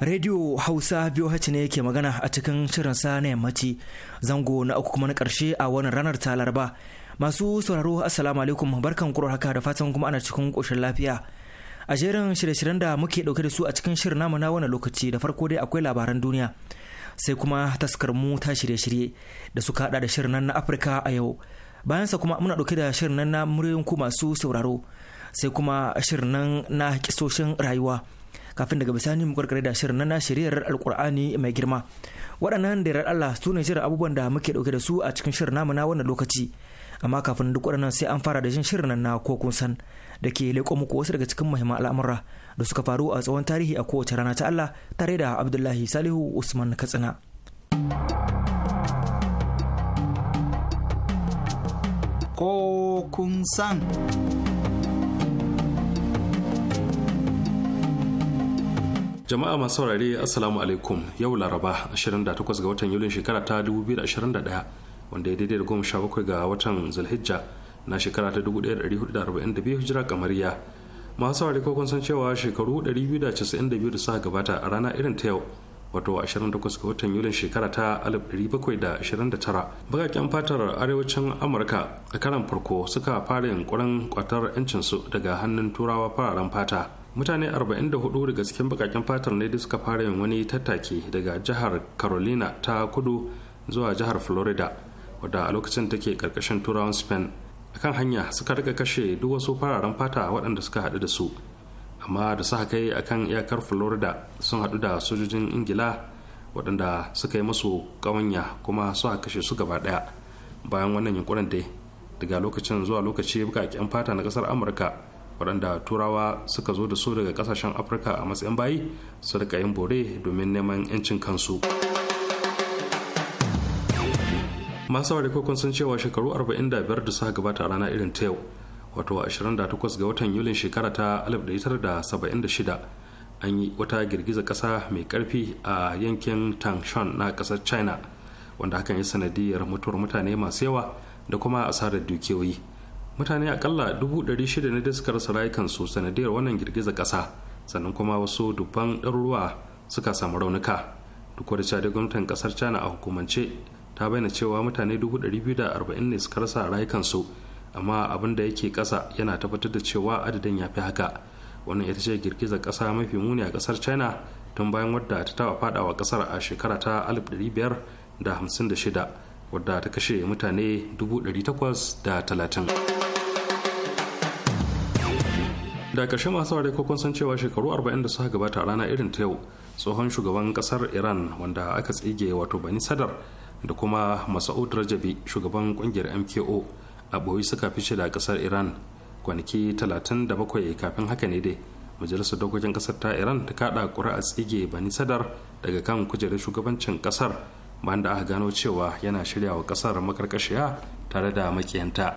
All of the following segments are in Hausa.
Radio Hausa VOH ne ke magana a cikin shirin sa na yammaci zango na uku kuma na ƙarshe a wannan ranar ta Laraba. Masu sauraro Assalamu alaikum barkan kuro haka da fatan kuma ana cikin koshin lafiya. A jerin shirye-shiryen da muke ɗauke da su a cikin shirin namu na wannan lokaci da farko dai akwai labaran duniya. Sai kuma taskar mu ta shirye-shirye da suka hada da shirin nan na Afirka a yau. Bayansa kuma muna dauke da shirin nan na muryoyin ku masu sauraro. Sai kuma shirin nan na kisoshin rayuwa. kafin daga bisani mu karkare da shirin na shiriyar alkur'ani mai girma waɗannan da Allah su ne shirin abubuwan da muke ɗauke da su a cikin shirin namu na wannan lokaci amma kafin duk waɗannan sai an fara da jin shirin na ko kun san da ke leƙo muku wasu daga cikin muhimman al'amura da suka faru a tsawon tarihi a kowace rana ta Allah tare da Abdullahi Salihu Usman Katsina. Ko kun san. jama'a masu saurare assalamu alaikum yau laraba 28 ga watan yulin shekara ta 2021 wanda ya daidai da goma sha bakwai ga watan zulhijja na shekara ta 1442 hijira kamariya masu saurare ko san cewa shekaru 292 da suka gabata a rana irin ta yau wato 28 ga watan yulin shekara ta 1729 bakakken fatar arewacin amurka a karan farko suka fara yunkurin kwatar 'yancinsu daga hannun turawa fararen fata mutane 44 daga cikin bakaken fatar ne da suka fara yin wani tattaki daga jihar carolina ta kudu zuwa jihar florida wadda a lokacin take karkashin turawan spain akan hanya suka rika kashe duk wasu fararen fata waɗanda suka haɗu da su amma da suka kai akan iyakar florida sun haɗu da sojojin ingila waɗanda suka yi masu ƙawanya kuma suka kashe su gaba ɗaya bayan wannan yunkurin dai daga lokacin zuwa lokaci bukaƙen fata na ƙasar amurka waɗanda turawa suka zo da su daga ƙasashen afirka a matsayin bayi su rika yin bore domin neman 'yancin kansu masu wari kokon sun cewa shekaru 45 da suka gabata a rana irin ta yau wato 28 ga watan yulin shekara ta 1976 an yi wata girgiza ƙasa mai ƙarfi a yankin tangshan na ƙasar china wanda hakan ya sanadiyar mutuwar mutane masu yawa da kuma asarar dukiyoyi mutane akalla shida ne da suka rasa rayukansu sanadiyar wannan girgiza ƙasa sannan kuma wasu dubban ɗaruruwa suka samu raunuka duk da cewa gwamnatin ƙasar china a hukumance ta bayyana cewa mutane 240 ne suka rasa rayukan su amma abin da yake ƙasa yana tabbatar da cewa adadin ya fi haka wannan ita ce girgiza ƙasa mafi muni a ƙasar china tun bayan wadda ta taɓa faɗawa ƙasar a shekara ta 1556 wadda ta kashe mutane 830 da ƙarshe masu ware ko kun san cewa shekaru 40 da suka gabata a rana irin ta yau tsohon shugaban ƙasar iran wanda aka tsige wato bani sadar da kuma masaud rajabi shugaban ƙungiyar mko a ɓoyi suka fice da ƙasar iran kwanaki 37 kafin haka ne dai majalisar dokokin ƙasar ta iran ta kaɗa a tsige bani sadar daga kan kujerar shugabancin ƙasar bayan da aka gano cewa yana shirya wa ƙasar makarkashiya tare da makiyanta.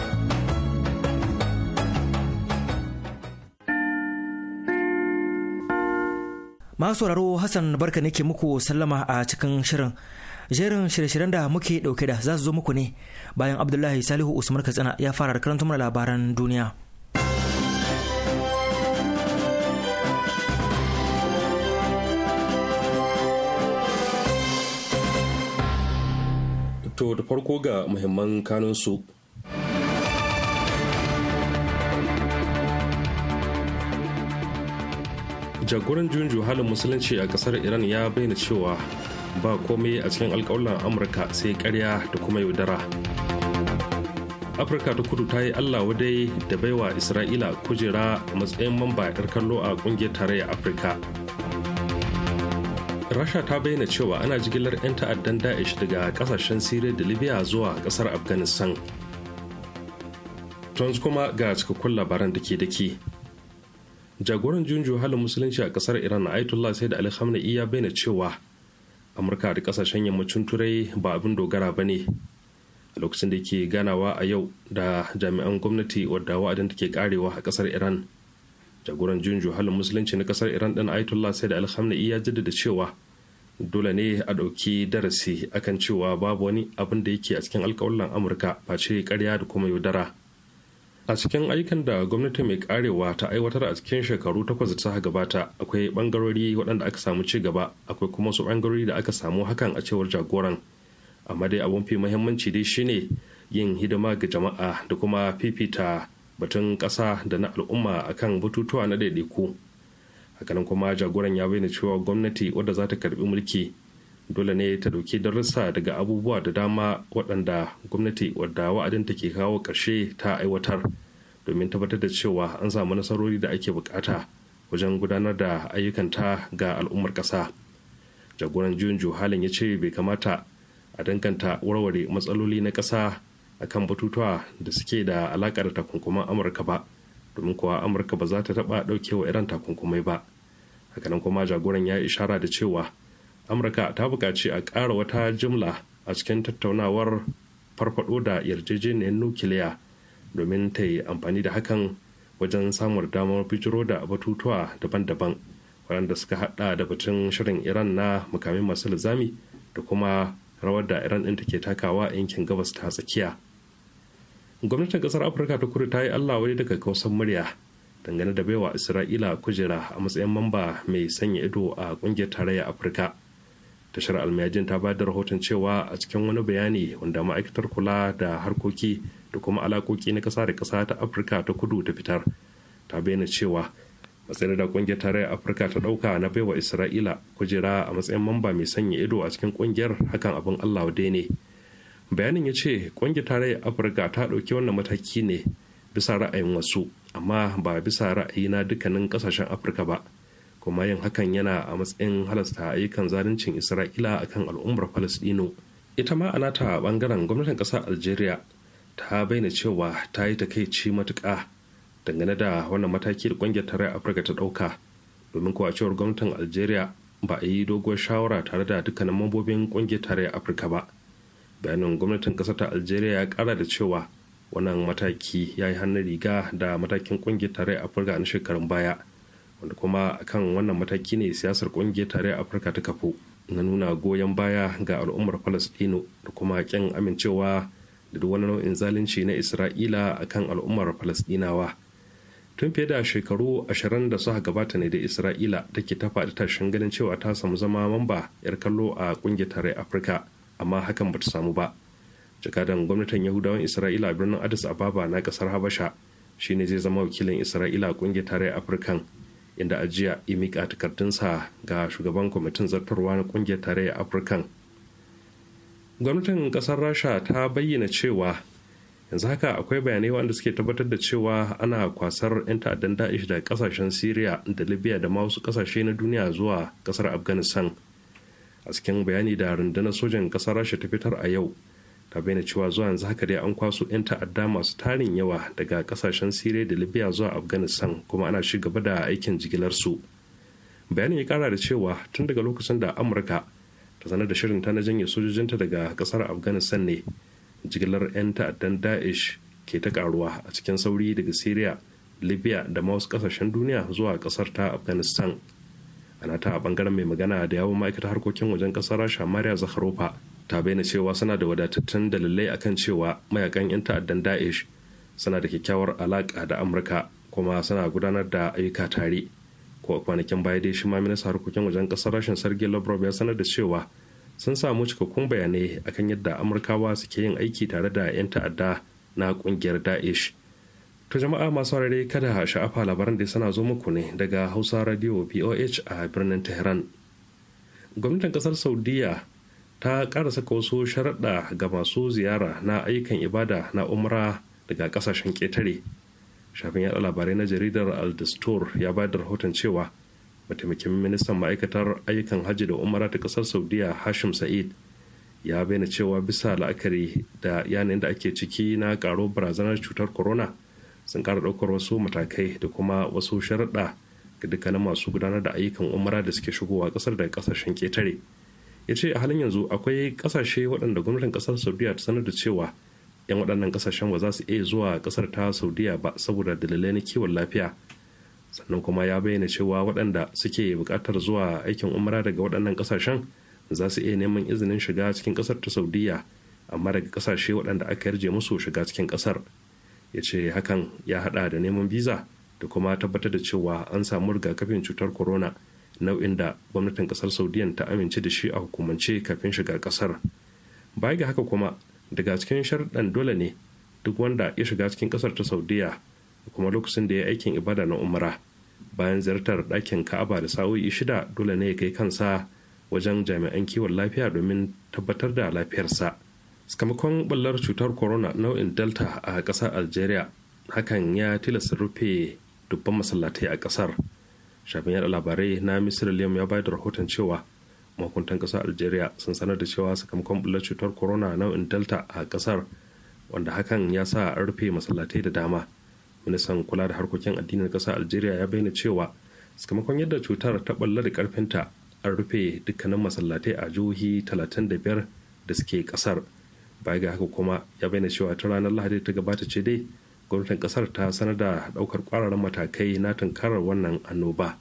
masu sauraro hassan barka ne ke muku sallama a cikin shirin jerin shirye-shiryen da muke dauke da za su zo muku ne bayan abdullahi salihu usman katsina ya fara karanta mana labaran duniya to da farko ga muhimman kanunsu jagoran junju halin musulunci a kasar iran ya bayyana cewa ba komai a cikin alkawalan amurka sai karya da kuma yaudara afirka ta kudu ta yi allah wadai da baiwa isra'ila kujera a matsayin mamba yar kallo a kungiyar tarayyar afirka rasha ta bayyana cewa ana jigilar 'yan ta'addan daesh daga kasashen siriya da libya zuwa kasar afghanistan tons kuma ga cikakkun labaran da ke da ke jagoran junjo halin musulunci a kasar iran ayatollah said ali khamenei ya bayyana cewa amurka da kasashen yammacin turai ba abin dogara ba ne a lokacin da ke ganawa a yau da jami'an gwamnati wadda wa'adin take karewa a kasar iran jagoran junjo halin musulunci na kasar iran din ayatollah said ali khamenei ya jaddada cewa dole ne a ɗauki darasi akan cewa babu wani abin da yake a cikin alkawalan amurka face karya da kuma yaudara a cikin ayyukan da gwamnati mai karewa ta aiwatar a cikin shekaru takwas da ta gabata akwai bangarori waɗanda aka samu ci gaba akwai kuma su bangarori da aka samu hakan a cewar jagoran amma dai abun fi muhimmanci dai shine yin hidima ga jama'a da kuma fifita batun ƙasa da na al'umma akan batutuwa na daidaiku hakanan kuma jagoran ya bayyana cewa gwamnati wadda za ta karbi mulki dole ne ta dauki darussa daga abubuwa da dama waɗanda gwamnati wadda wa'adin ta ke kawo ƙarshe ta aiwatar domin tabbatar da cewa an samu nasarori da ake bukata wajen gudanar da ayyukanta ga al'ummar ƙasa jagoran juyin juhalin ya ce bai kamata a danganta warware matsaloli na ƙasa a kan batutuwa da suke da alaƙa da takunkuman amurka ba domin kuwa amurka ba za ta taɓa ɗaukewa iran takunkumai ba hakanan kuma jagoran ya yi ishara da cewa amurka ta buƙaci a ƙara wata jimla a cikin tattaunawar farfaɗo da yarjejeniyar nukiliya domin ta yi amfani da hakan wajen samun damar bijiro da batutuwa daban-daban waɗanda suka haɗa da batun shirin iran na mukamin masu lizami da kuma rawar da iran ɗin take takawa a yankin gabas ta tsakiya gwamnatin ƙasar afirka ta kudu ta yi allah wani daga kausan murya dangane da baiwa isra'ila kujera a matsayin mamba mai sanya ido a ƙungiyar tarayyar afirka tashar almayajin ta ba da rahoton cewa a cikin wani bayani wanda ma'aikatar kula da harkoki da kuma alakoki na ƙasa da ƙasa ta afirka ta kudu ta fitar ta bayyana cewa matsayin da kungiyar tarayyar afirka ta ɗauka na baiwa isra'ila kujera a matsayin mamba mai sanya ido a cikin kungiyar hakan abin allah ne bayanin ya ce kungiyar tarayyar afirka ta ɗauki wannan mataki ne bisa ra'ayin wasu amma ba bisa ra'ayi na dukkanin ƙasashen afirka ba kuma yin hakan yana a matsayin halasta ayyukan zaluncin isra'ila akan al'ummar falasdino ita ma ana ta bangaren gwamnatin ƙasar algeria ta bayyana cewa ta yi takaici matuƙa dangane da wannan mataki da ƙungiyar tarayyar afirka ta ɗauka domin kuwa cewar gwamnatin algeria ba a yi doguwar shawara tare da dukkanin mambobin ƙungiyar tarayyar afirka ba bayanin gwamnatin ƙasar ta algeria ya kara da cewa wannan mataki ya yi hannun riga da matakin ƙungiyar tarayyar afirka na shekarun baya wanda kuma kan wannan mataki ne siyasar kungiyar tarayyar afirka ta kafu na nuna goyon baya ga al'ummar falastino da kuma kyan amincewa da duk wani nau'in zalunci na isra'ila a kan al'ummar falastinawa tun fiye da shekaru ashirin da suka gabata ne da isra'ila take ta faɗi tashin ganin cewa ta samu zama mamba yar kallo a kungiyar tarayyar afirka amma hakan bata samu ba jakadan gwamnatin yahudawan isra'ila a birnin addis ababa na kasar habasha shine zai zama wakilin isra'ila a kungiyar tarayyar afirka. inda a jiya ya miƙa takardunsa ga shugaban kwamitin zartarwa na ƙungiyar tarayyar afirkan gwamnatin ƙasar rasha ta bayyana cewa yanzu haka akwai bayanai wanda suke tabbatar da cewa ana kwasar 'yan ta'addan da'ish daga kasashen syria da libya da ma wasu kasashe na duniya zuwa kasar afghanistan a cikin bayani da rundunar sojan kasar rasha ta fitar a yau ta bayyana cewa zuwa yanzu haka dai an kwaso 'yan ta'adda masu tarin yawa daga kasashen siriya da libya zuwa afghanistan kuma ana ci gaba da aikin jigilarsu bayanin ya kara da cewa tun daga lokacin da amurka ta sanar da shirin ta na janye sojojinta daga kasar afghanistan ne jigilar 'yan ta'addan daesh ke ta karuwa a cikin sauri daga siriya libya da ma wasu kasashen duniya zuwa kasar ta afghanistan ana ta a bangaren mai magana da yawon ma'aikatar harkokin wajen kasar rasha maria zakharova ta bayyana cewa suna da wadatattun dalilai akan cewa mayakan 'yan ta'addan Da'ish suna da kyakkyawar alaƙa da amurka kuma suna gudanar da ayyuka tare ko kwanakin baya dai shi ma minista harkokin wajen ƙasar rashin sergei lavrov ya sanar da cewa sun samu cikakkun bayanai akan yadda amurkawa suke yin aiki tare da 'yan ta'adda na ƙungiyar Da'ish. To jama'a masu rare kada sha'afa labaran da suna zo muku ne daga Hausa Radio voh a birnin Tehran. Gwamnatin kasar Saudiya ta ƙara saka wasu sharaɗa ga masu ziyara na ayyukan ibada na umra daga ƙasashen ƙetare shafin yaɗa labarai na jaridar aldastor ya ba da rahoton cewa mataimakin ministan ma'aikatar ayyukan hajji da umara ta ƙasar saudiya hashim sa'id ya bayyana cewa bisa la'akari da yanayin da ake ciki na ƙaro barazanar cutar corona sun ƙara ɗaukar wasu matakai da kuma wasu sharaɗa ga dukkanin masu gudanar da ayyukan umara da suke shigowa ƙasar daga ƙasashen ƙetare. ya ce a halin yanzu akwai kasashe waɗanda gwamnatin ƙasar saudiya ta sanar da cewa 'yan waɗannan ƙasashen ba za su iya zuwa ƙasar ta saudiya ba saboda dalilai na kiwon lafiya sannan kuma ya bayyana cewa waɗanda suke buƙatar zuwa aikin umara daga waɗannan ƙasashen za su iya neman izinin shiga cikin ƙasar ta saudiya amma daga ƙasashe waɗanda aka yarje musu shiga cikin ƙasar ya ce hakan ya haɗa da neman biza da kuma tabbatar da cewa an samu rigakafin cutar corona nau'in da gwamnatin kasar saudiyan ta amince da shi a hukumance kafin shiga kasar baya ga haka kuma daga cikin sharɗan dole ne duk wanda ya shiga cikin kasar ta saudiya kuma lokacin da ya aikin ibada na umra bayan ziyartar ɗakin ka'aba da sa'o'i shida dole ne ya kai kansa wajen jami'an kiwon lafiya domin tabbatar da lafiyarsa sakamakon ɓallar cutar corona nau'in delta a ƙasar algeria hakan ya tilasta rufe dubban masallatai a ƙasar shafin yada labarai na misir liam ya bayar da rahoton cewa mahukuntan kasar algeria sun sanar da cewa sakamakon bullar cutar corona nau'in delta a kasar wanda hakan ya sa an rufe masallatai da dama ministan kula da harkokin addinin kasar algeria ya bayyana cewa sakamakon yadda cutar ta balla da karfinta an rufe dukkanin masallatai a jihohi 35 da suke kasar baya ga haka kuma ya bayyana cewa ta ranar lahadi ta gabata ce dai gwamnatin kasar ta sanar da daukar kwararan matakai na tunkarar wannan annoba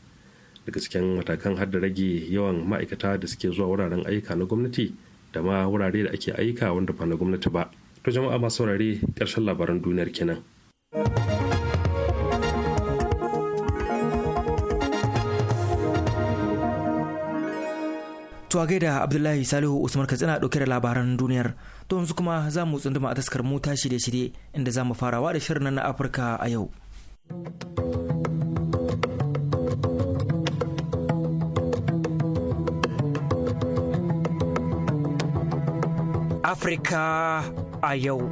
daga cikin matakan har da rage yawan ma'aikata da suke zuwa wuraren ayyuka na gwamnati da ma wurare da ake ayyuka wanda ba na gwamnati ba to jama'a masu saurare karshen labaran duniyar kenan To a gaida Abdullahi Salihu Usman Katsina ɗauke da labaran duniyar. to yanzu kuma za mu tsunduma a taskar mu ta shirye-shirye inda za mu farawa da shirin na Afirka a yau. Afirka a yau.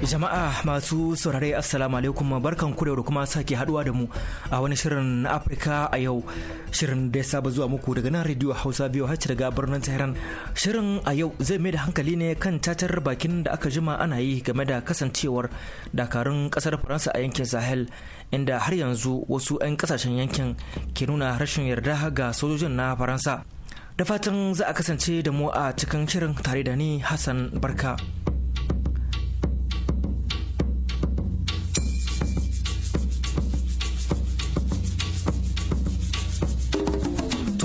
Jama'a masu saurare Assalamu alaikum barkan ku da kuma sake haduwa da mu a wani shirin na Afirka a yau shirin da ya saba zuwa muku daga nan Radio Hausa biyu hacci daga birnin Tehran shirin a yau zai mai da hankali ne kan tatar bakin da aka jima ana yi game da kasancewar dakarun kasar Faransa a yankin Sahel inda har yanzu wasu 'yan kasashen yankin ke nuna rashin yarda ga sojojin na Faransa da fatan za a kasance da mu a cikin shirin tare da ni Hassan Barka.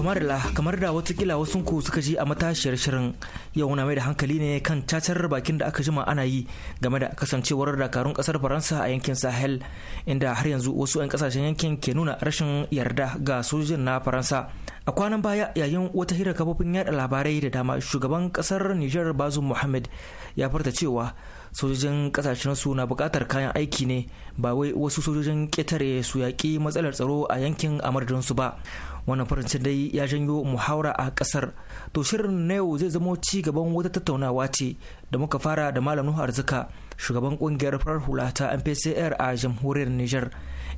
kamar tumarila kamar da watakila wasu ku suka ji a matashiyar shirin yau na mai da hankali ne kan cacar bakin da aka jima ana yi game da kasancewar dakarun kasar faransa a yankin sahel inda har yanzu wasu 'yan kasashen yankin ke nuna rashin yarda ga sojojin na faransa a kwanan baya yayin wata hira kafofin yada labarai da dama shugaban kasar niger bazum muhammad ya farta cewa sojojin kasashen su na bukatar kayan aiki ne ba wai wasu sojojin ketare su yaƙi matsalar tsaro a yankin su ba wannan farancin dai ya janyo muhawara a kasar to shirin na yau zai zama ci gaban wata tattaunawa ce da muka fara da malam nuhu arzika shugaban kungiyar farar hula ta mpcr a jamhuriyar niger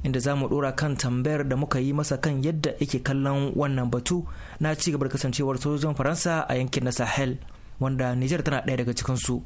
inda za mu dora kan tambayar da muka yi masa kan yadda yake kallon wannan batu na ci gaba da kasancewar sojojin faransa a yankin na sahel wanda niger tana ɗaya daga cikinsu su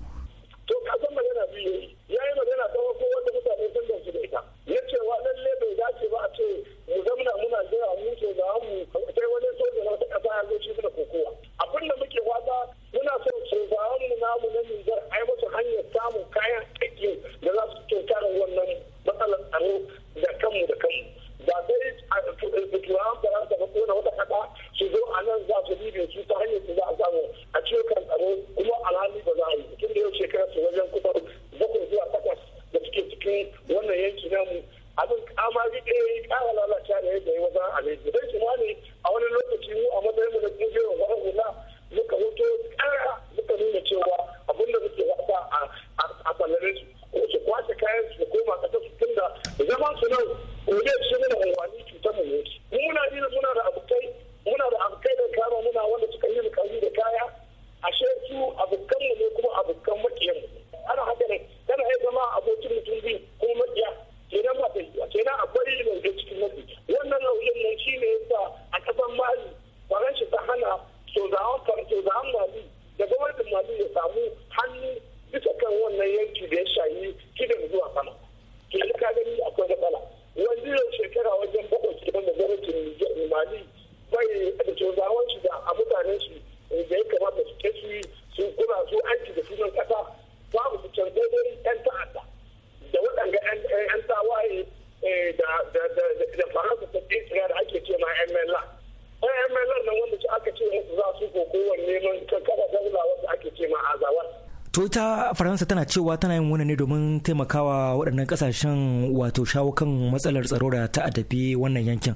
cewa tana yin wani ne domin taimakawa waɗannan ƙasashen wato shawo kan matsalar tsaro da ta addabi wannan yankin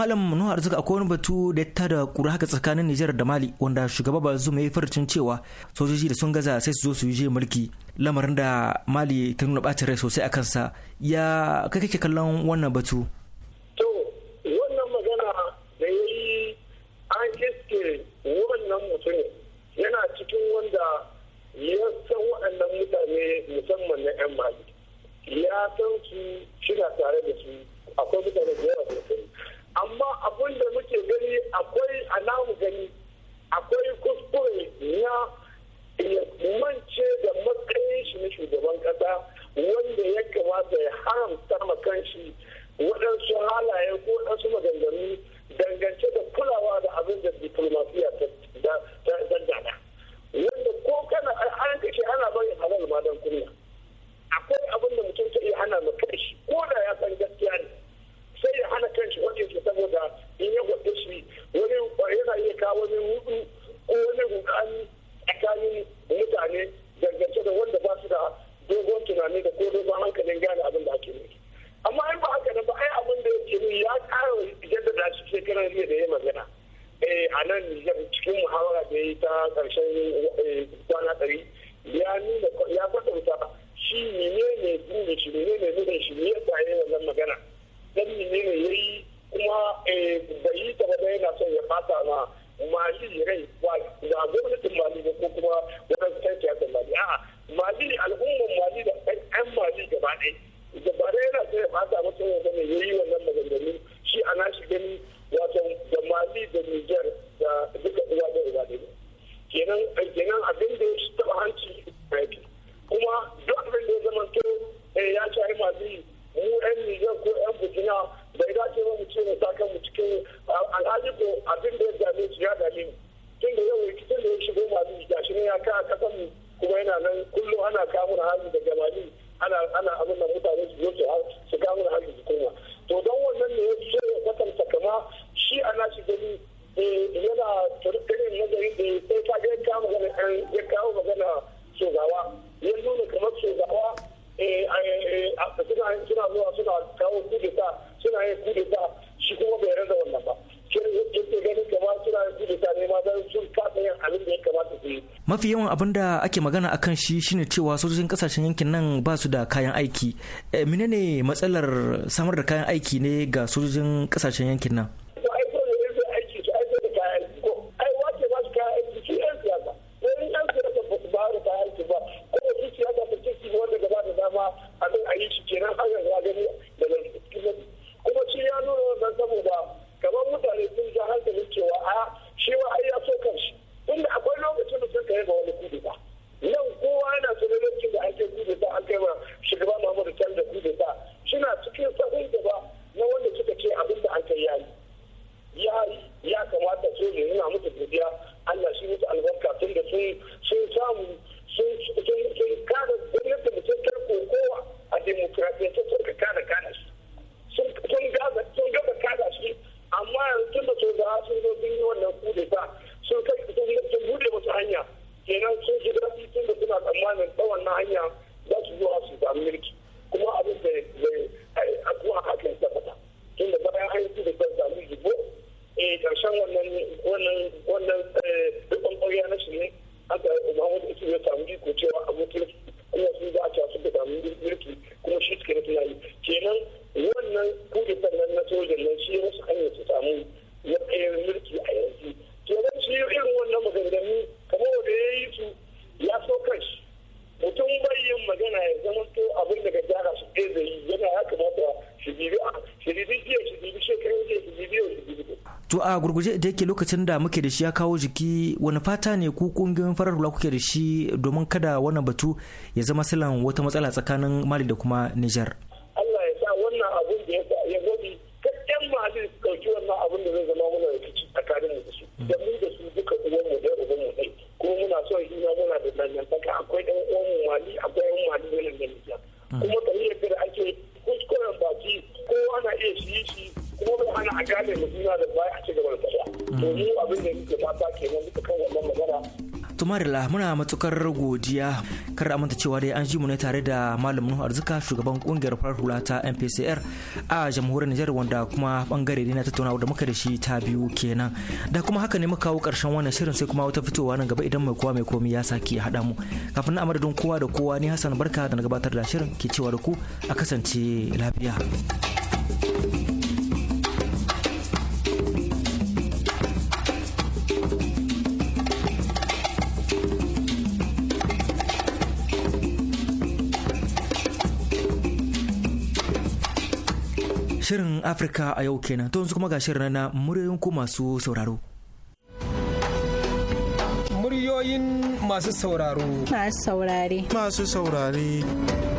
malam manuwa arzika akwai wani batu da ya da kura haka tsakanin nijar da mali wanda shugaba ba ya ya farcin cewa sojoji da sun gaza sai su zo su yi mulki lamarin da mali ta nuna bacin rai sosai a kansa ya kai kake kallon wannan batu muhawara da ya ta karshen eh, kwana ɗari ya nuna ya kwatanta shi ne ne burin shi ne ne nuna shi ne ya tsaye wannan magana dan ne ne ya yi kuma da eh, yi ta ba yana son ya fata ma mali rai da gwamnatin mali ko kuma wadansu kan siyasar mali a'a mali al'ummar mali da ɗan mali gaba ɗaya gaba da yana ya ba ta mutum ya zama yayi wannan maganganu shi ana shi gani wato da mali da niger da duka uwa da da kenan eh, kenan abin da shi taba hanci kuma duk abin da ya zama to eh, ya shahi masu mu yan nijar ko yan bujina bai dace ba mu ce mu saka mu cikin alhaji ko abin da ya dame su ya dame tun da yau rikicin da ya shigo masu gashi ne ya ka a kasan mu kuma yana nan kullum ana kamun hali da jamani ana ana abin da mutane su zo su hali da kuma to don wannan ne ya ce ya kwatanta kama shi ana shi gani yana tattalin nazari da sai ta ga ta magana an ya kawo magana shugawa ya nuna kamar shugawa eh, eh, suna zuwa suna kawo kudeta suna yin kudeta shi kuma bai rasa wannan ba mafi yawan abin da ake magana a kan shi shine cewa sojojin kasashen yankin nan ba su da kayan aiki eh, menene matsalar samar da kayan aiki ne ga sojojin kasashen yankin nan a yi kenan an yanzu gani da lalata kuma shi ya nuna wannan saboda kamar mutane sun ja hankalin cewa a shi wa ai ya so kanshi tunda akwai lokacin da sun kai ga wani kudu ba nan kowa yana so lokacin da ake kai kudu an kai ma shugaba Muhammadu Tal da kudu a gurguje da yake lokacin da muke da shi ya kawo jiki wani fata ne ku kungiyoyin farar hula kuke da shi domin kada wannan batu ya zama silan wata matsala tsakanin mali da kuma nijar. marila muna matukar godiya kar manta cewa dai an ji mu ne tare da malam nuhu arzika shugaban kungiyar farar hula ta mpcr a jamhuriyar nijar wanda kuma bangare ne na tattaunawa da muka da shi ta biyu kenan da kuma haka ne muka kawo karshen wannan shirin sai kuma wata fitowa nan gaba idan mai kowa mai komi ya saki ya haɗa mu kafin na amadadin kowa da kowa ni hassan barka da na gabatar da shirin ke cewa da ku a kasance lafiya. Afirka a yau kenan to yanzu kuma ga shirin na muryoyin ku masu sauraro. Muryoyin masu sauraro. Masu saurare. Masu saurare.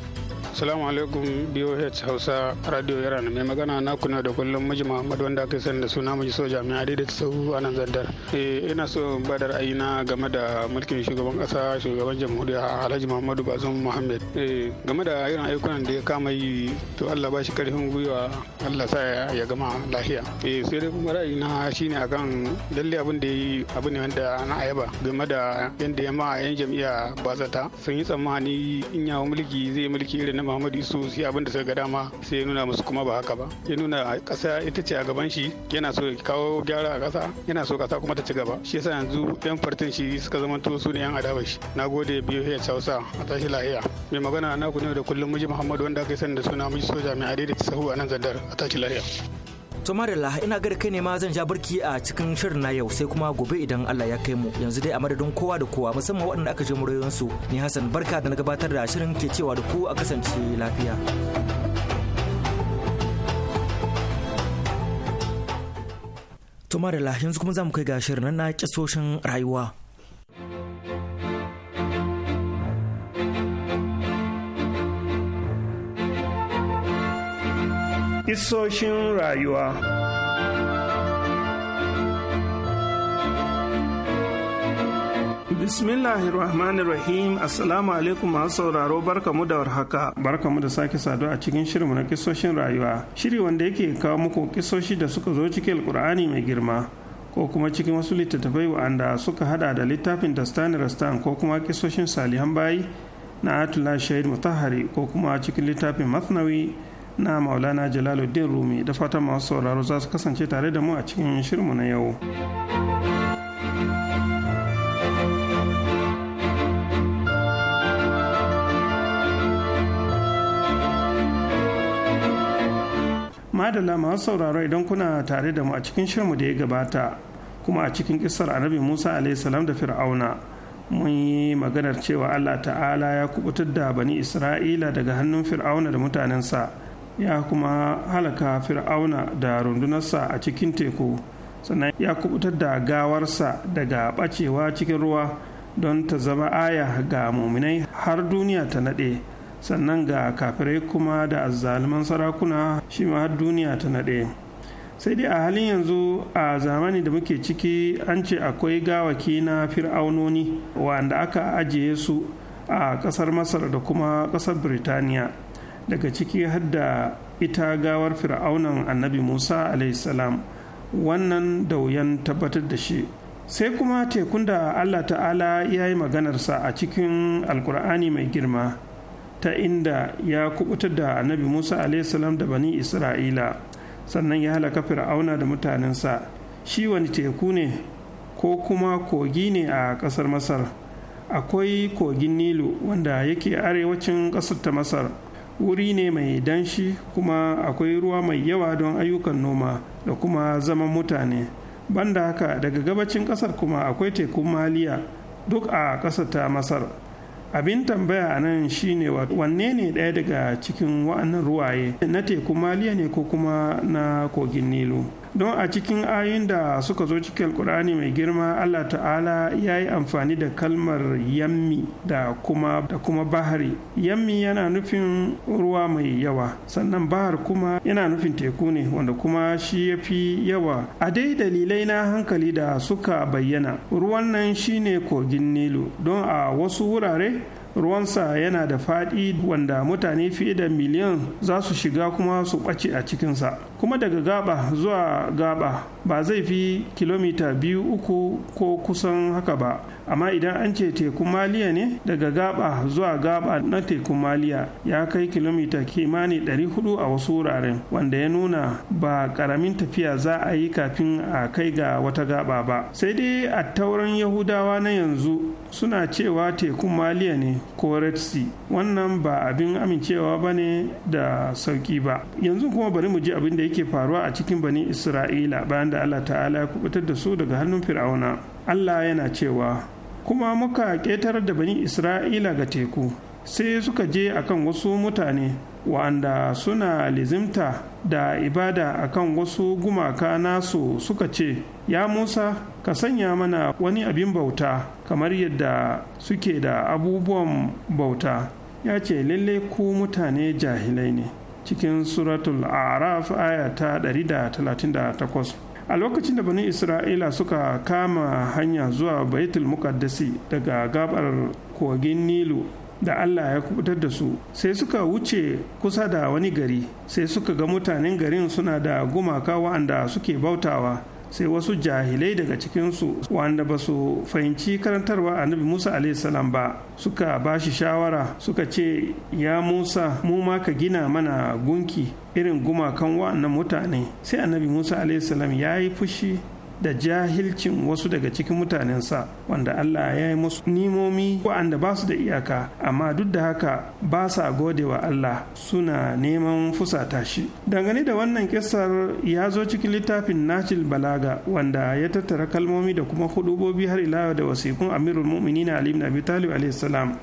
Assalamu alaikum BOH Hausa Radio na mai magana na kuna da kullum miji Muhammad wanda aka sani da suna miji soja mai adi da tsohu a nan zaddar. Eh, ina so ba da na game da mulkin shugaban kasa shugaban jamhuriya Alhaji Muhammadu Bazum Muhammad. Eh, game da irin ayyukan da ya kama yi to Allah ba shi karfin gwiwa Allah sa ya gama lafiya. Eh sai dai kuma ra'ayina shine akan lalle abin da yi abu ne wanda na ayaba game da yanda ya ma yan jam'iyya zata sun yi tsammani in yawo mulki zai mulki irin na muhammadu isu shi abin da suka ga dama sai ya nuna musu kuma ba haka ba ya nuna ƙasa ita ce a gaban shi yana so ya kawo gyara a ƙasa yana so ƙasa kuma ta ci gaba shi yasa yanzu yan fartin shi suka zamanto su ne yan adabar shi na gode biyu ya hausa a tashi lahiya mai magana na ku ne da kullum miji muhammadu wanda aka yi sani da suna miji soja mai adai da sahu a nan zandar a tashi lahiya. To Marilla ina ga kai ne ma zan ja barki a cikin shirin na yau sai kuma gobe idan Allah ya kai mu yanzu dai a madadin kowa da kowa musamman waɗanda aka je murayensu ni Hassan barka da na gabatar da shirin ke cewa da ku a kasance lafiya. To Marilla yanzu kuma za mu kai ga shirin na kisoshin rayuwa. Isoshin rayuwa. Bismillahirrahmanirrahim Assalamu alaikum masu sauraro barka barkamu da warhaka mu da sake saduwa a cikin shirinmu na kisoshin rayuwa shiri wanda yake kawo muku kisoshi da suka zo cikin alkur'ani mai girma ko kuma cikin wasu littattafai wa'anda suka hada da littafin Dastani Rastan ko kuma kisoshin Salihan Bayi na Atullah Shahid Mutahari ko kuma cikin littafin Masnawi na maulana jalaluddin rumi da fatan masu sauraro za su kasance tare da mu a cikin shirmu na yau madalla masu sauraro idan kuna tare da mu a cikin shirmu da ya gabata kuma a cikin kisar annabi musa salam da fir'auna mun yi maganar cewa allah ta'ala ya kubutar da bani isra'ila daga hannun fir'auna da mutanensa ya kuma halaka fir'auna da rundunarsa a cikin teku sannan ya kubutar da gawarsa daga ɓacewa cikin ruwa don ta zama aya ga muminai har duniya ta nade sannan ga kafirai kuma da azzaluman sarakuna shi ma har duniya ta nade sai dai a halin yanzu a zamani da muke ciki an ce akwai gawaki na fir'aunoni wanda aka ajiye su a ƙasar masar da kuma ƙasar biritaniya. daga ciki hadda ita gawar fir'aunan annabi musa salam wannan da wuyan tabbatar da shi sai kuma tekun da allah ta'ala ya yi maganarsa a cikin alkur'ani mai girma ta inda ya kubutar da annabi musa salam da bani isra'ila sannan ya halaka fir'auna da mutanensa shi wani teku ne ko kuma kogi ne a ƙasar masar akwai kogin nilu wanda yake arewacin ƙasar ta masar wuri ne mai danshi kuma akwai ruwa mai yawa don ayyukan noma da kuma zaman mutane banda haka daga gabacin kasar kuma akwai tekun maliya duk a kasar ta masar abin tambaya a nan shine wanne ne ɗaya daga cikin wa'annan ruwaye na tekun maliya ne ko kuma na kogin nilu don a cikin ayin da suka zo cikin alkur'ani mai girma allah ta'ala ya yi amfani da kalmar yammi da kuma da kuma bahari yammi yana nufin ruwa mai yawa sannan bahar kuma yana nufin teku ne wanda kuma shi ya fi yawa a dai dalilai na hankali da suka bayyana ruwan nan shine kogin nilu don a wasu wurare ruwansa yana da faɗi wanda mutane fiye da miliyan za su shiga kuma su ɓace a cikinsa kuma daga gaba zuwa gaba ba zai fi kilomita biyu uku ko kusan haka ba amma idan an ce tekun maliya ne daga gaba zuwa gaba na tekun maliya ya kai kilomita kimani 400 a wasu wuraren wanda ya nuna ba karamin tafiya za a yi kafin a kai ga wata gaba ba sai dai a tauran yahudawa na yanzu suna cewa tekun maliya ne ko red sea wannan ba abin amincewa ba ne da sauki ba yanzu kuma bari mu ji abin da yake faruwa a cikin bani isra'ila bayan da allah ta'ala ya kubutar da su daga hannun fir'auna allah yana cewa kuma muka ƙetar da bani isra'ila ga teku sai suka je akan wasu mutane wa'anda suna lizimta da ibada akan wasu gumaka nasu suka ce ya musa ka sanya mana wani abin bauta kamar yadda suke da abubuwan bauta ya ce lalle ku mutane jahilai ne cikin suratul araf aya ta 138 a lokacin da bani isra'ila suka kama hanya zuwa baitul muqaddasi daga gabar kogin nilu da Allah ya kubutar da su sai suka wuce kusa da wani gari sai suka ga mutanen garin suna da gumaka wa'anda suke bautawa sai wasu jahilai daga cikinsu wanda ba su fahimci karantarwa annabi musa salam ba suka ba shi shawara suka ce ya musa mu ma ka gina mana gunki irin gumakan wa'annan mutane sai annabi musa salam ya yi fushi da jahilcin wasu daga cikin mutanensa wanda Allah ya yi musu nimomi waɗanda ba su da iyaka amma duk da haka ba sa gode wa Allah suna neman fusata shi dangane da wannan kisar ya zo cikin littafin nacil Balaga wanda ya tattara kalmomi da kuma hudubobi har ila da wasikun Amirul Mu'minin Ali ibn Abi Talib alayhi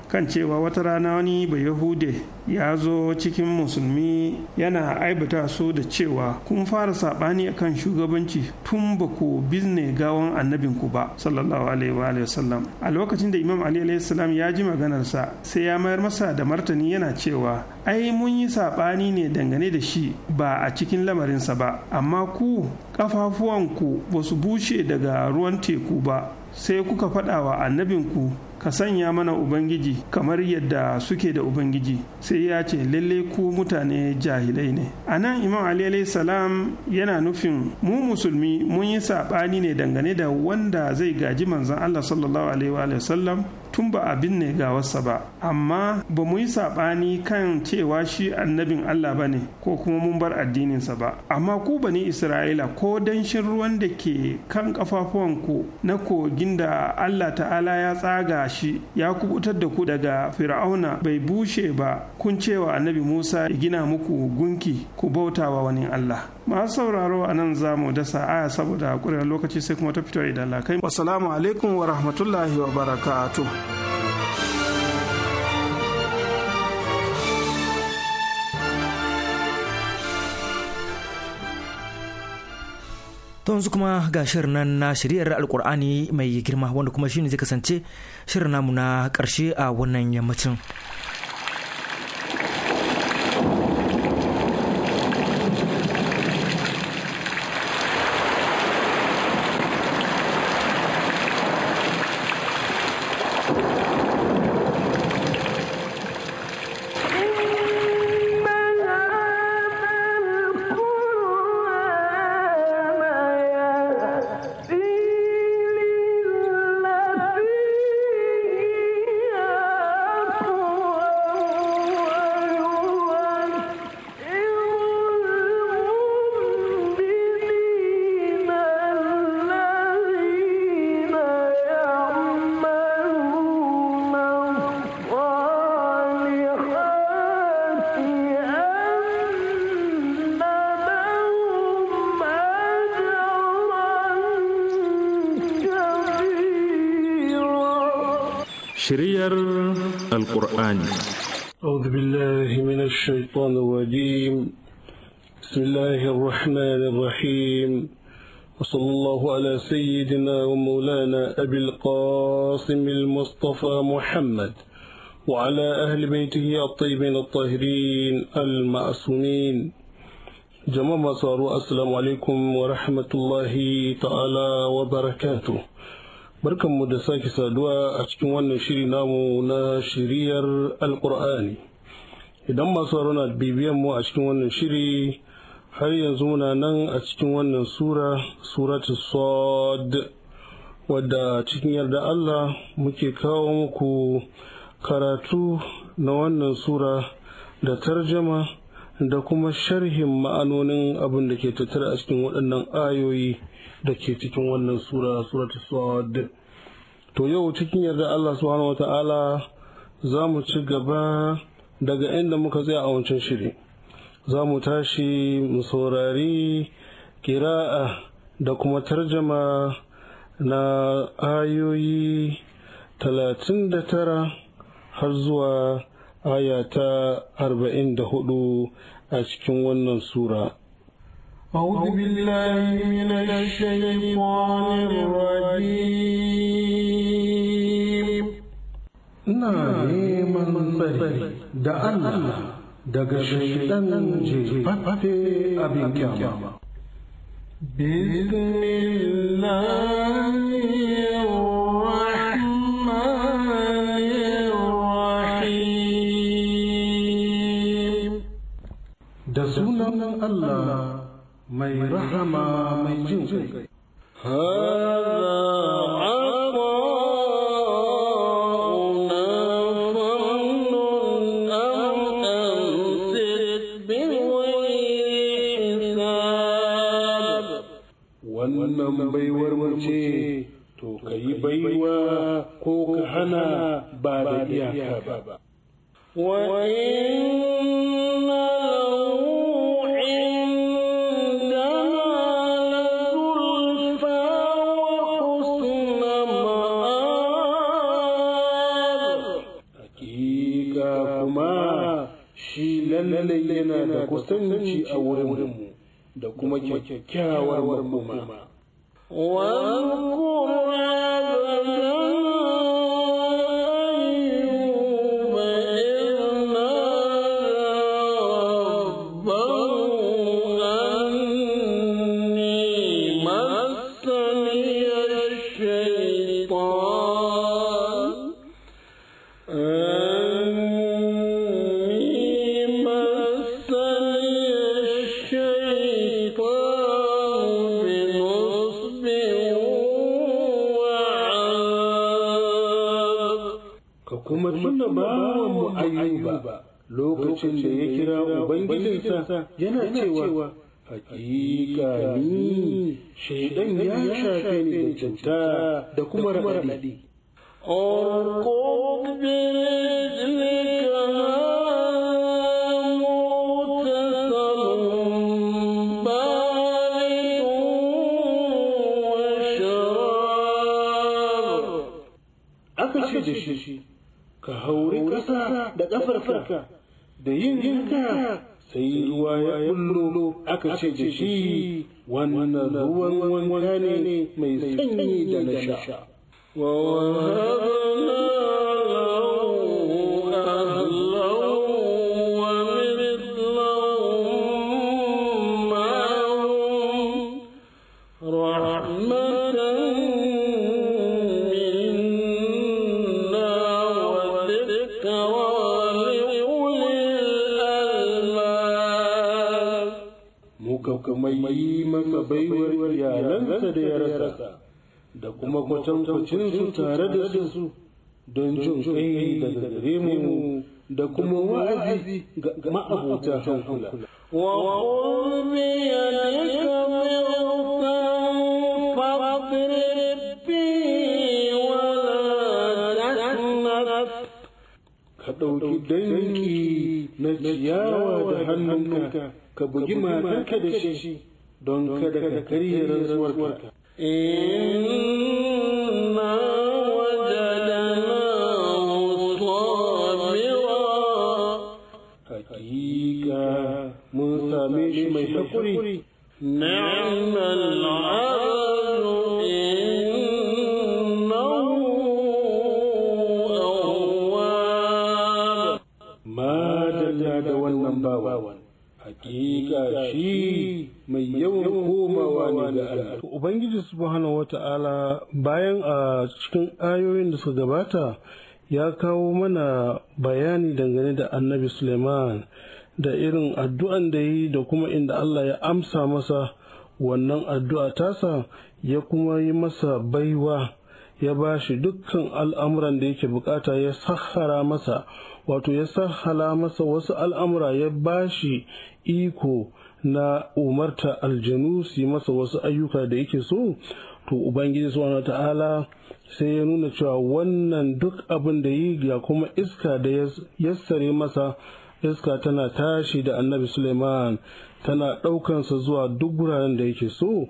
kan cewa wata rana wani Yahude ya zo cikin musulmi yana aibata su da cewa kun fara sabani akan shugabanci tun ba ku binne gawan annabin ku ba sallallahu alaihi wa sallam a lokacin da imam ali alaihi salam ya ji maganarsa sai ya mayar masa da martani yana cewa ai mun yi sabani ne dangane da shi ba a cikin lamarinsa ba amma ku kafafuwanku ba su bushe daga ruwan teku ba sai kuka faɗawa annabinku ka sanya mana ubangiji kamar yadda suke da ubangiji sai ya ce lalle ku mutane jahilai ne a nan imam ali salam yana nufin mu musulmi mun yi saɓani ne dangane da wanda zai gaji manzon allah sallallahu alaihi wa sallam tun ba a binne wasa ba amma ba mu yi saɓani kan cewa shi annabin Allah ba ne ko kuma mun bar addininsa ba amma ku ba ni Isra'ila ko danshin ruwan da ke kan ku na kogin da Allah ta'ala ya tsaga shi ya kubutar da ku daga fir'auna bai bushe ba kun cewa annabi Musa ya gina muku gunki ku bautawa wani Allah masu sauraro a nan za mu dasa aya saboda hakurin lokaci sai kuma ta fito idan lakai wasalamu alaikum wa rahmatullahi wa barakatu. ta yanzu kuma ga shirin nan na shiriyar alkur'ani mai girma wanda kuma shine zai kasance shirin namu na karshe a wannan yammacin. شرير القرآن أعوذ بالله من الشيطان الرجيم بسم الله الرحمن الرحيم وصلى الله على سيدنا ومولانا أبي القاسم المصطفى محمد وعلى أهل بيته الطيبين الطاهرين المعصومين جمع صاروا السلام عليكم ورحمة الله تعالى وبركاته mu da sake saduwa a cikin wannan shiri namu na shiriyar Alƙur'ani. Idan masu na bibiyan mu a cikin wannan shiri har yanzu muna nan a cikin wannan sura, suratu Sod, wadda cikin yarda Allah muke kawo muku karatu na wannan sura da tarjama da kuma sharhin ma'anonin abin da ke tattara a cikin waɗannan ayoyi. da ke cikin wannan sura suratu sad to yau cikin yarda Allah subhanahu wata'ala za mu ci gaba daga inda muka tsaya a wancan shiri za mu tashi mu saurari kira'a da kuma tarjama na ayoyi talatin da tara har zuwa aya ta arba'in da hudu a cikin wannan sura أعوذ بالله من الشيطان الرجيم ina neman bari da Allah daga shaidan jefaffe abin kyama. بسم الله da sunan Allah mai rahama mai jin wannan baiwar mace to ka yi baiwa ko ka hana ba da iyaka ba. aminci a wurinmu da kuma kyakkyawar makoma. yana cewa hakika ni shaidan ya shafe ni da cuta da kuma raɗaɗi aka ce da shi ka hauri ƙasa da ƙafarka da yin yanka sai ruwa ya kullo aka ce da shi wannan ruwan wanka ne mai sanyi da na sha. masa baiwar iyalansa da yarasa, da kuma kwatankwacin su tare da su don jin kai daga gare mu da kuma wa'azi ga ma'abota hankula. وقل بيدك ضغطا فاضرب ka ɗauki danki na ciyawa da hannunka ka bugi matarka da shi don kada ka karye rantsuwarka inna wajadnahu sabira hakika mun same shi mai hakuri ni'mal abdu innahu awwab ma da wannan bawan shi mai yawan komawa ne ga Allah. Ubangiji subhanahu ta'ala bayan a cikin ayoyin da suka gabata ya kawo mana bayani dangane da annabi Suleiman da irin addu'an da yi da kuma inda Allah ya amsa masa wannan addu'a tasa ya kuma yi masa baiwa ya ba shi dukkan al'amuran da yake bukata ya sahara masa wato ya sahala masa wasu al'amura ya ba shi iko na umarta aljanu su yi masa wasu ayyuka da yake so to ubangiji subhanahu ta'ala sai ya nuna cewa wannan duk abin da yi ga kuma iska da yassare masa iska tana tashi da annabi suleiman tana ɗaukansa zuwa duk guraren da yake so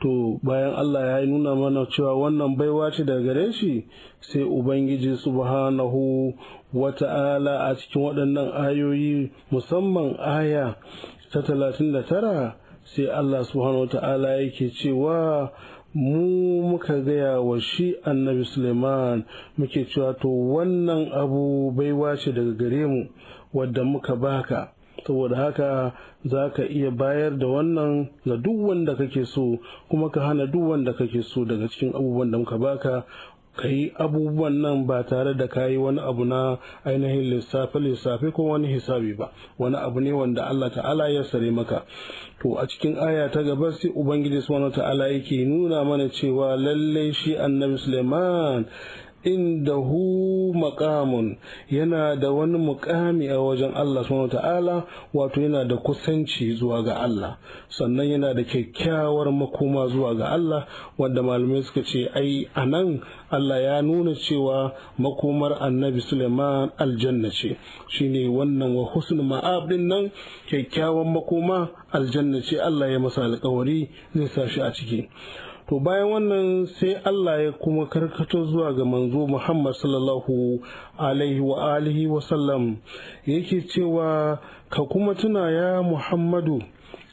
to bayan allah ya yi nuna mana cewa wannan baiwa ce daga gare shi sai ubangiji subhanahu ta'ala a cikin waɗannan ayoyi musamman aya ta talatin da tara sai Allah subhanahu ta'ala yake cewa mu muka gaya wa shi annabi Suleiman muke cewa to wannan abu bai ce daga gare mu wadda muka baka saboda haka za ka iya bayar da wannan ga duk wanda kake so kuma ka hana duk wanda kake so daga cikin abubuwan da muka baka ka yi abubuwan nan ba tare da ka yi wani abu na ainihin lissafe-lissafe ko wani hisabi ba wani abu ne wanda Allah ta'ala ya sare maka to a cikin aya ta gaba sai ubangiji subhanahu ta'ala yake nuna mana cewa lallai shi annabi Suleiman indahu makamun yana da wani mukami a wajen Allah subhanahu ta'ala wato yana da kusanci zuwa ga Allah sannan yana da kyakkyawar makoma zuwa ga Allah wanda malamai suka ce ai anan Allah ya nuna cewa makomar Annabi Suleiman aljanna ce shine wannan wa husnul ma'ab din nan kyakkyawan makoma aljanna ce Allah ya masa alƙawari zai sa shi a ciki to bayan wannan sai Allah ya kuma karkato zuwa ga manzo Muhammad sallallahu alaihi wa alihi wa sallam yake cewa ka kuma tuna ya Muhammadu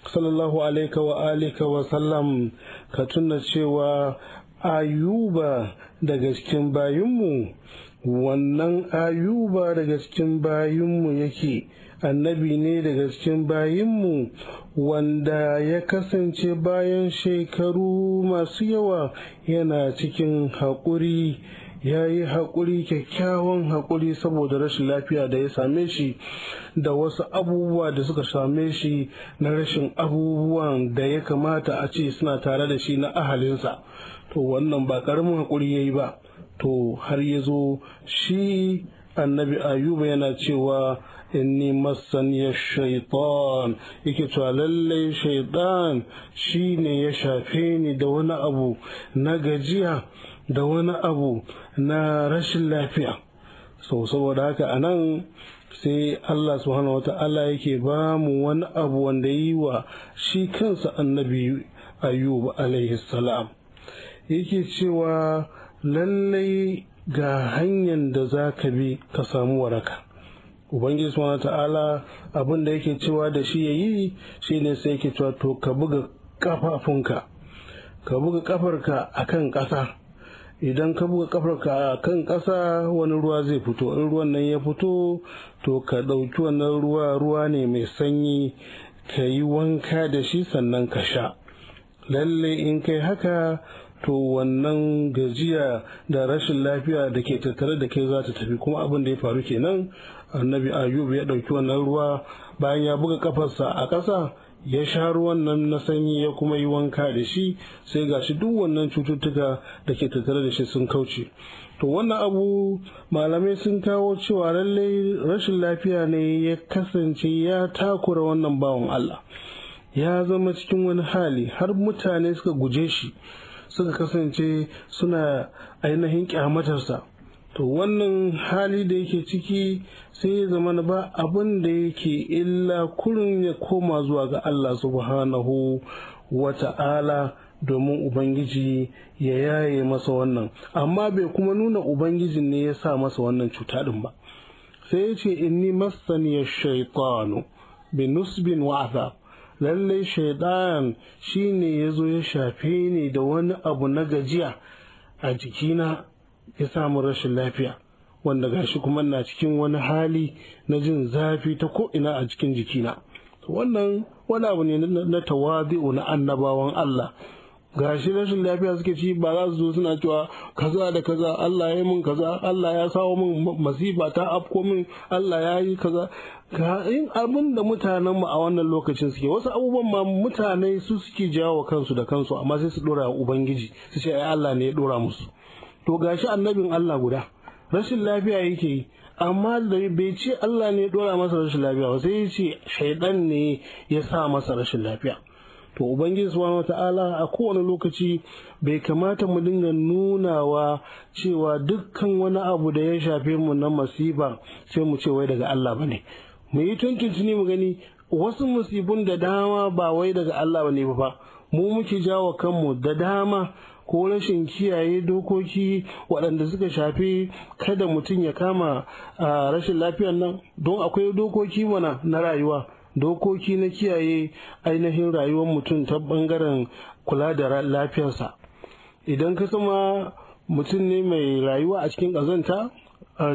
sallallahu alaihi wa alihi wa sallam ka tuna cewa ayuba daga cikin bayinmu wannan ayuba daga cikin bayinmu yake annabi ne daga cikin bayinmu wanda ya kasance bayan shekaru masu yawa yana cikin haƙuri ya yi haƙuri kyakkyawan haƙuri saboda rashin lafiya da ya same shi da wasu abubuwa da suka same shi na rashin abubuwan da ya kamata a ce suna tare da shi na ahalinsa to wannan ba ƙaramin haƙuri ya yi ba to har ya zo shi annabi ayuba yana cewa inni masaniya shaitan yake cewa lallai shaitan shi ne ya shafe ni da wani abu na gajiya da wani abu na rashin lafiya Sau saboda haka a nan sai Allah subhanahu wa ta'ala yake ba mu wani abu wanda yi wa shi kansa annabi ayyub alaihi salam yake cewa lallai ga hanyar da za ka bi ka samu waraka ubangiji suna ta'ala abin da yake cewa da shi ya yi shi ne sai yake cewa to ka buga kafafunka ka buga kafarka a kan ƙasa idan ka buga kafarka a kan ƙasa wani ruwa zai fito in ruwan nan ya fito to ka ɗauki wannan ruwa ruwa ne mai sanyi ka yi wanka da shi sannan ka sha lalle in kai haka to wannan gajiya da rashin lafiya da ke tattare da kai za ta tafi kuma abin da ya faru kenan annabi ayub ya ɗauki wannan ruwa bayan ya buga kafarsa a ƙasa ya sha ruwan nan na sanyi ya kuma yi wanka da shi sai ga shi duk wannan cututtuka da ke tattare da shi sun kauce to wannan abu malamai sun kawo cewa lallai rashin lafiya ne ya kasance ya takura wannan bawan Allah ya zama cikin wani hali har mutane suka guje shi suka kasance suna ainihin kyamatarsa to wannan hali da yake ciki sai ya zama na ba abin da yake illa kurin ya koma zuwa ga Allah subhanahu wa ta'ala domin ubangiji ya yaye masa wannan amma bai kuma nuna ubangijin ne ya sa masa wannan cuta din ba sai ya ce inni ya shaitanu bi nusbin wa lallai shaidan shine ya zo ya shafe ni da wani abu na gajiya a jikina ya samu rashin lafiya wanda gashi kuma na cikin wani hali na jin zafi ta ko'ina a cikin jikina wannan wani abu ne na tawazi'u na annabawan Allah gashi rashin lafiya suke ci ba za su zo suna cewa kaza da kaza Allah ya yi mun kaza Allah ya sawo min masifa ta afko min Allah ya yi kaza ga in abin da mutanen mu a wannan lokacin suke wasu abubuwan ma mutane su suke jawo kansu da kansu amma sai su dora ubangiji su ce ai Allah ne ya dora musu to gashi annabin Allah guda rashin lafiya yake yi amma da bai ce Allah ne dora masa rashin lafiya ba sai ya ce shaidan ne ya sa masa rashin lafiya to ubangiji subhanahu ta'ala a kowane lokaci bai kamata mu dinga nunawa cewa dukkan wani abu da ya shafe mu na masifa sai mu ce wai daga Allah bane mu yi tuntuntuni mu gani wasu musibun da dama ba wai daga Allah ne ba mu muke jawo kanmu da dama ko rashin kiyaye dokoki waɗanda suka shafi kada mutum ya kama rashin lafiyar nan don akwai dokoki mana na rayuwa dokoki na kiyaye ainihin rayuwar mutum ta ɓangaren kula da lafiyarsa idan ka sama mutum ne mai rayuwa a cikin ƙazanta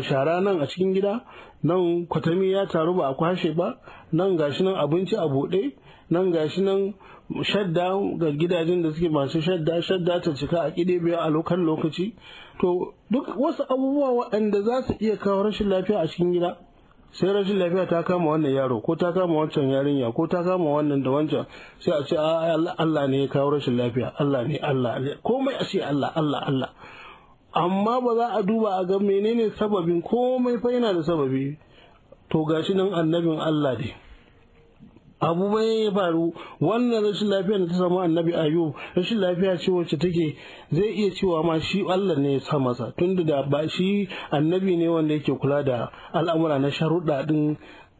shara nan a cikin gida nan kwatami ya taru ba a kwashe ba nan gashi nan abinci a buɗe nan gashi nan shadda ga gidajen da suke masu shadda shadda ta cika a biyu a lokan lokaci to duk wasu abubuwa waɗanda za su iya kawo rashin lafiya a cikin gida sai rashin lafiya ta kama wannan yaro ko ta kama wancan yarinya ko ta kama wannan da wancan sai a ce ah, Allah ne ya kawo rashin lafiya Allah ne Allah komai a ce Allah Allah Allah amma ba za a duba a ga menene sababin komai fa yana da sababi to gashi nan annabin Allah ne abu ya faru wannan rashin lafiya da ta samu annabi ayub rashin lafiya ce wacce take zai iya cewa ma shi allah ne ya sa masa tunda da ba shi annabi ne wanda yake kula da al'amura na sharuɗa ɗin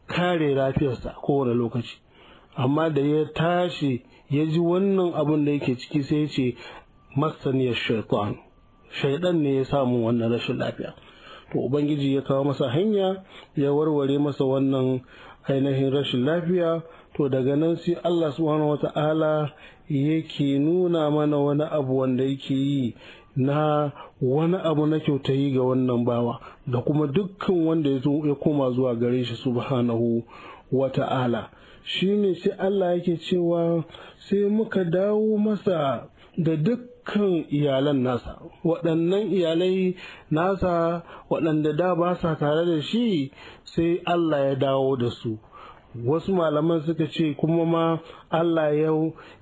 kare lafiyarsa kowane lokaci amma da ya tashi ya ji wannan abun da yake ciki sai ya ce masaniyar shaitan shaidan ne ya samu wannan rashin lafiya to ubangiji ya kawo masa hanya ya warware masa wannan ainihin rashin lafiya to daga nan sai Allah subhanahu wata'ala yake nuna mana wani abu wanda yake yi na wani abu na kyautayi ga wannan bawa da kuma dukkan wanda ya koma zuwa gare shi subhanahu wata'ala shi ne sai Allah yake cewa sai muka dawo masa da dukkan iyalan nasa waɗannan iyalai nasa waɗanda da ba sa tare da shi sai Allah ya dawo da su wasu malaman suka ce kuma ma Allah ya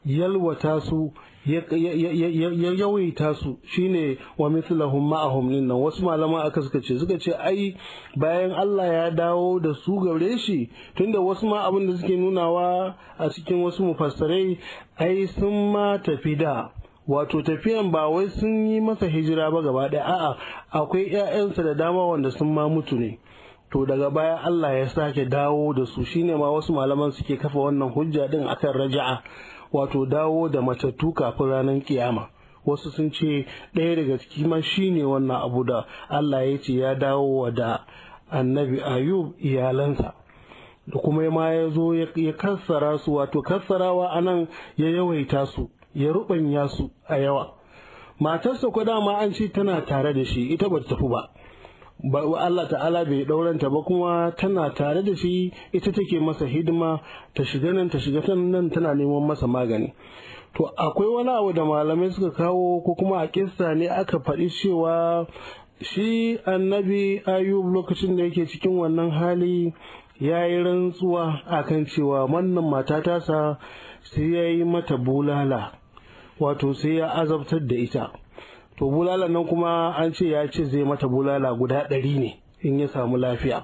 yalwata su ya yawaita su shine wa mithlahum ma'ahum nan wasu malaman aka suka ce suka ce ai bayan Allah ya dawo da su gare shi tunda wasu ma abin da suke nunawa a cikin wasu mufassarai ai sun ma tafi da wato tafiyan ba wai sun yi masa hijira ba gaba ɗaya a'a akwai 'ya'yansa da dama wanda sun ma mutu ne to daga baya Allah ya sake dawo da su shine ma wasu malaman suke kafa wannan hujja din akan raja'a wato dawo da matattu kafin ranar kiyama wasu sun ce ɗaya daga cikin shine wannan abu da Allah ya ce ya dawo da annabi ayub iyalansa da kuma ma ya zo ya kassara su wato kassarawa anan ya yawaita su ya rubanya su a yawa matarsa kwa ma an ce tana tare da shi ita ba ta tafi ba ba Allah ta'ala bai ɗauranta ba kuma tana tare da shi ita take masa hidima ta shiga nan ta shiga nan tana neman masa magani to akwai wani abu da malamai suka kawo ko kuma a kissa ne aka faɗi cewa shi annabi ayub lokacin da yake cikin wannan hali ya yi rantsuwa akan cewa wannan mata tasa sai ya yi mata bulala wato sai ya azabtar da ita to bulala nan kuma an ce ya ce zai mata bulala guda ɗari ne in ya samu lafiya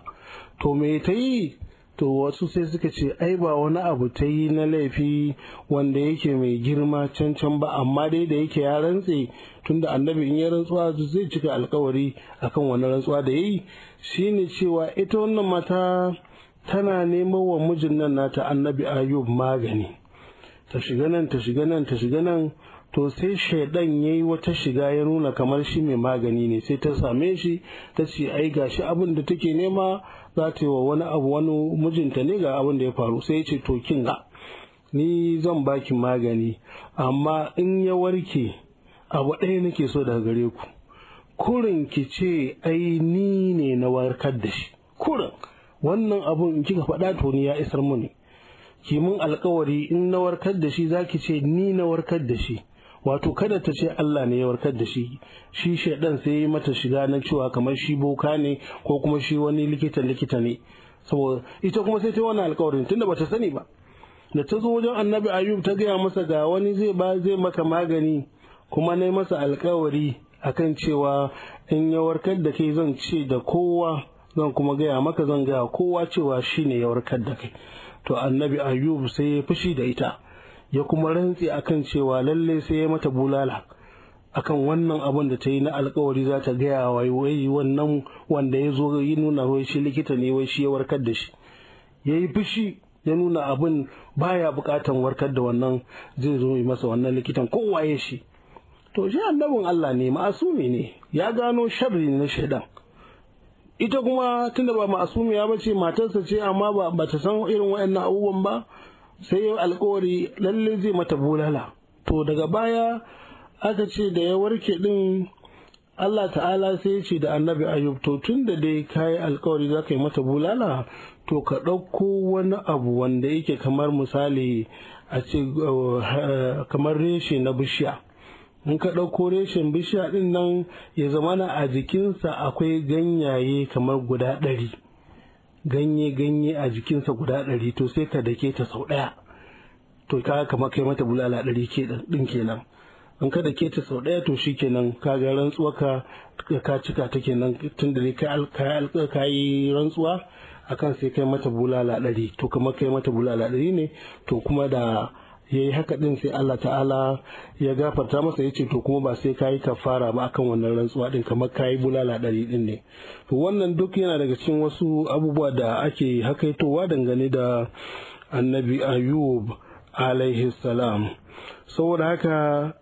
to me ta yi to wasu sai suka ce ai ba wani abu ta yi na laifi wanda yake mai girma can can ba amma dai da yake ya rantse tunda annabi in ya rantsuwa zai cika alkawari akan wani rantsuwa da yi shine cewa ita wannan mata tana neman wa mijin nan nata annabi ayub magani ta shiga nan ta shiga nan ta shiga nan to sai shaidan ya yi wata shiga ya nuna kamar shi mai magani ne sai ta same shi ta ce ai gashi abin da take nema za ta yi wa wani abu wani mijinta ne ga abin da ya faru sai ya ce to kin ga ni zan baki magani amma in ya warke abu ɗaya nake so daga gare ku kurin ki ce ai ni ne na warkar da shi kurin wannan abun in kika faɗa to ni ya isar mu muni mun alkawari in na warkar da shi zaki ce ni na warkar da shi wato kada ta ce Allah ne ya warkar da shi shi shaidan sai yi mata shiga na cewa kamar shi boka ne ko kuma shi wani likita likita ne saboda ita kuma sai ta wani alkawarin tunda bata sani ba da ta zo wajen annabi ayub ta gaya masa ga wani zai ba zai maka magani kuma na masa alkawari akan cewa in ya warkar da kai zan ce da kowa zan kuma gaya maka zan gaya kowa cewa shi ne ya warkar da kai to annabi ayub sai ya fushi da ita ya kuma rantse akan cewa lalle sai ya mata bulala akan wannan abin da ta yi na alkawari za ta gaya wa wai wannan wanda ya zo yi nuna wai shi likita ne wai shi ya warkar da shi ya yi fushi ya nuna abin baya bukatan warkar da wannan zai zo yi masa wannan likitan kowa shi to shi annabin Allah ne ma'asumi ne ya gano sharri na shaidan ita kuma tunda ba ma'asumiya ba ce matarsa ce amma ba ta san irin waɗannan abubuwan ba sai ya alkawari lalle zai mata bulala to daga baya aka ce da ya warke din Allah ta'ala sai ya ce da annabi ayub to tun da dai kayi alkawari za ka yi mata bulala to ka ɗauko wani abu wanda yake kamar misali a ce eh, kamar reshe na bishiya in ka ɗauko reshen bishiya din nan ya zamana a jikinsa akwai ganyaye kamar guda ɗari ganye-ganye a jikinsa guda ɗari to sai ta dake ta sau ɗaya to ka kama kai mata bulala ɗari ɗin kenan in ka dake ta sau ɗaya to shi kenan ka ga rantsuwa ka cika ta kenan tun da ka yi rantsuwa akan sai kai mata bulala ɗari to kama kai mata bulala ɗari ne to kuma da ya yi haka din sai Allah ta'ala ya gafarta masa ya ce to kuma ba sai kayi kafara ba akan wannan rantsuwa din kamar kayi bulala ɗari din ne to wannan duk yana daga cikin wasu abubuwa da ake hakaitowa dangane da annabi ayub alaihi salam saboda haka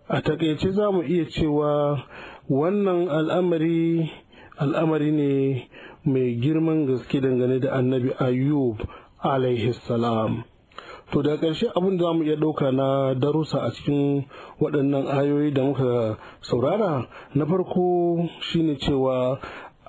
a takaice za mu iya cewa wannan al'amari al'amari ne mai girman gaske dangane da annabi ayub alaihi salam To da ƙarshe abin da mu iya ɗauka na darusa a cikin waɗannan ayoyi da muka saurara na farko shine cewa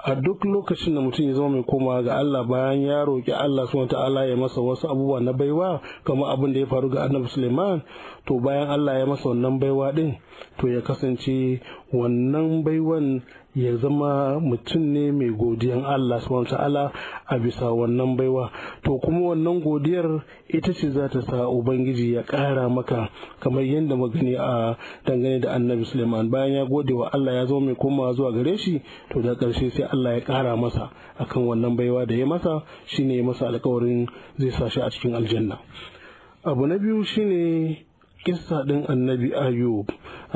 a duk lokacin da mutum ya zama mai koma ga Allah bayan ya roƙi Allah subhanahu ta'ala ya masa wasu abubuwa na baiwa kamar abin da ya faru ga Annabi Suleiman to bayan Allah ya masa wannan baiwa ɗin, to ya kasance wannan baiwan ya zama mutum ne mai godiyan Allah subhanahu ta'ala a bisa wannan baiwa to kuma wannan godiyar ita ce za ta sa ubangiji ya ƙara maka kamar yadda magani a dangane da annabi suleiman bayan ya gode wa Allah ya zama mai koma zuwa gare shi to da ƙarshe sai Allah ya ƙara masa akan wannan baiwa da ya masa shine ya masa alƙawarin zai sa shi a cikin aljanna abu na biyu shine kissa ɗin annabi ayub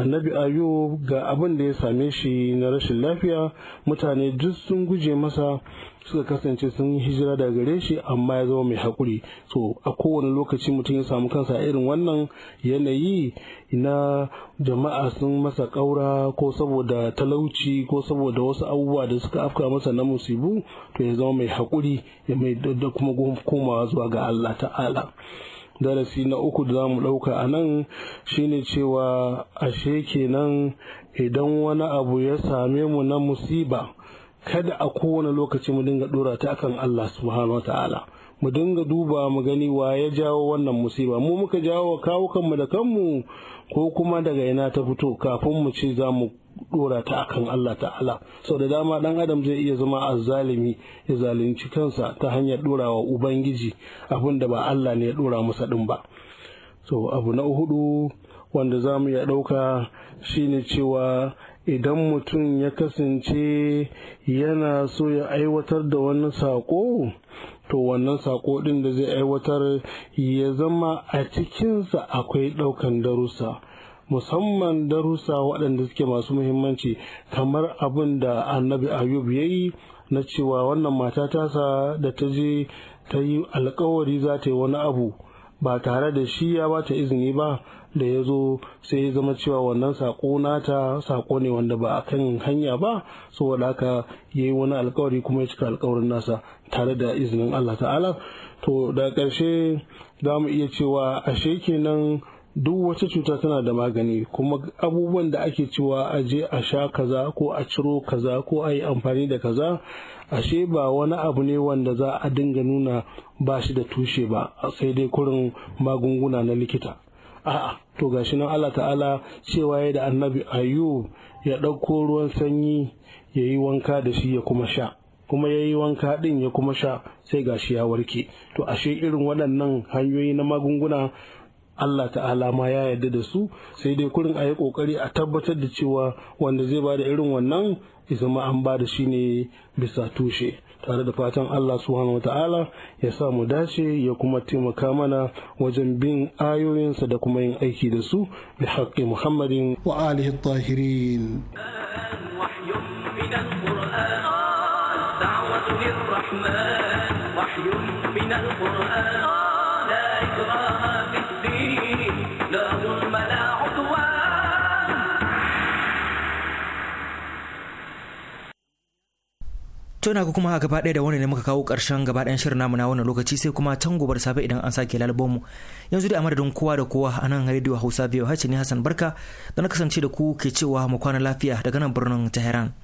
annabi ayub ga abin da ya same shi na rashin lafiya mutane duk sun guje masa suka kasance sun hijira daga gare shi amma ya zama mai haƙuri so a kowane lokaci mutum ya samu kansa irin wannan yanayi na jama'a sun masa ƙaura ko saboda talauci ko saboda wasu abubuwa da suka afka masa na musibu to ya zama mai haƙuri da kuma komawa zuwa ga Allah ta'ala darasi na uku da za mu ɗauka a nan shine cewa ashe kenan idan wani abu ya same mu na musiba kada a kowane lokaci mu dinga ɗora ta akan Allah subhanahu wa ta'ala mu dinga duba mu gani wa ya jawo wannan musiba mu muka jawo kawo kanmu da kanmu ko kuma daga ina ta fito kafin mu ce za mu dora ta akan Allah ta'ala sau da dama dan adam zai iya zama azzalimi ya zalunci kansa ta hanyar dorawa ubangiji abin da ba Allah ne ya dora masa din ba so abu na hudu wanda za mu ya ɗauka shine cewa idan mutum ya kasance yana so ya aiwatar da wani saƙo to wannan saƙo ɗin da zai aiwatar ya zama a cikinsa akwai ɗaukan darussa musamman darussa waɗanda suke masu muhimmanci kamar abin da annabi ayub ya yi na cewa wannan mata tasa da ta je ta yi alkawari za ta yi wani abu ba tare da shi ya ba ta izini ba da ya zo sai ya zama cewa wannan sako nata saƙo ne wanda ba a kan hanya ba saboda haka ya yi wani alkawari kuma ya cika alkawarin nasa tare da izinin Allah ta'ala to da ƙarshe za mu iya cewa ashe kenan duk wata cuta tana da magani kuma abubuwan da ake cewa a je a sha kaza ko a ciro kaza ko a yi amfani da kaza ashe ba wani abu ne wanda za a dinga nuna ba shi da tushe ba sai dai kurin magunguna na likita a'a to gashi nan Allah ta'ala cewa ya da annabi ayub ya ɗauko ruwan sanyi ya yi wanka da shi ya kuma sha kuma ya yi wanka ɗin ya kuma sha sai gashi ya warke to ashe irin waɗannan hanyoyi na magunguna Allah ta'ala ma ya yarda da su sai dai kurin a yi kokari a tabbatar da cewa wanda zai ba da irin wannan izama an ba da shi ne bisa tushe tare da fatan Allah subhanahu wata'ala ya sa mu dace ya kuma taimaka mana wajen bin ayoyinsa da kuma yin aiki da su bi haƙƙi Muhammadin wa alihi tahirin To na kuma gaba ɗaya da wani ne muka kawo ƙarshen gaba ɗayan shirin namu na wannan lokaci sai kuma can gobar safe idan an sake lalbomu. Yanzu da a madadin kowa da kowa a nan rediyo Hausa biyu hacci ne Hassan Barka da na kasance da ku ke cewa mu kwana lafiya daga nan birnin Tehran.